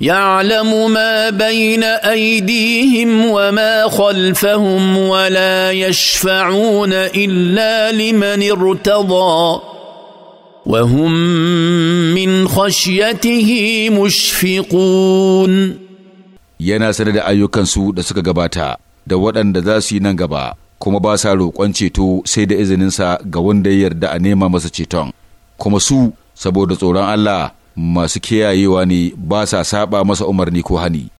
يعلم ما بين ايديهم وما خلفهم ولا يشفعون الا لمن ارتضى وهم من خشيته مشفقون yana sanar da ayyukansu da suka gabata da waɗanda za su yi nan gaba kuma ba sa roƙon ceto sai da izininsa ga wanda ya yarda a nema masa ceton kuma su saboda tsoron Allah masu kiyayewa ne ba sa saba masa umarni ko hani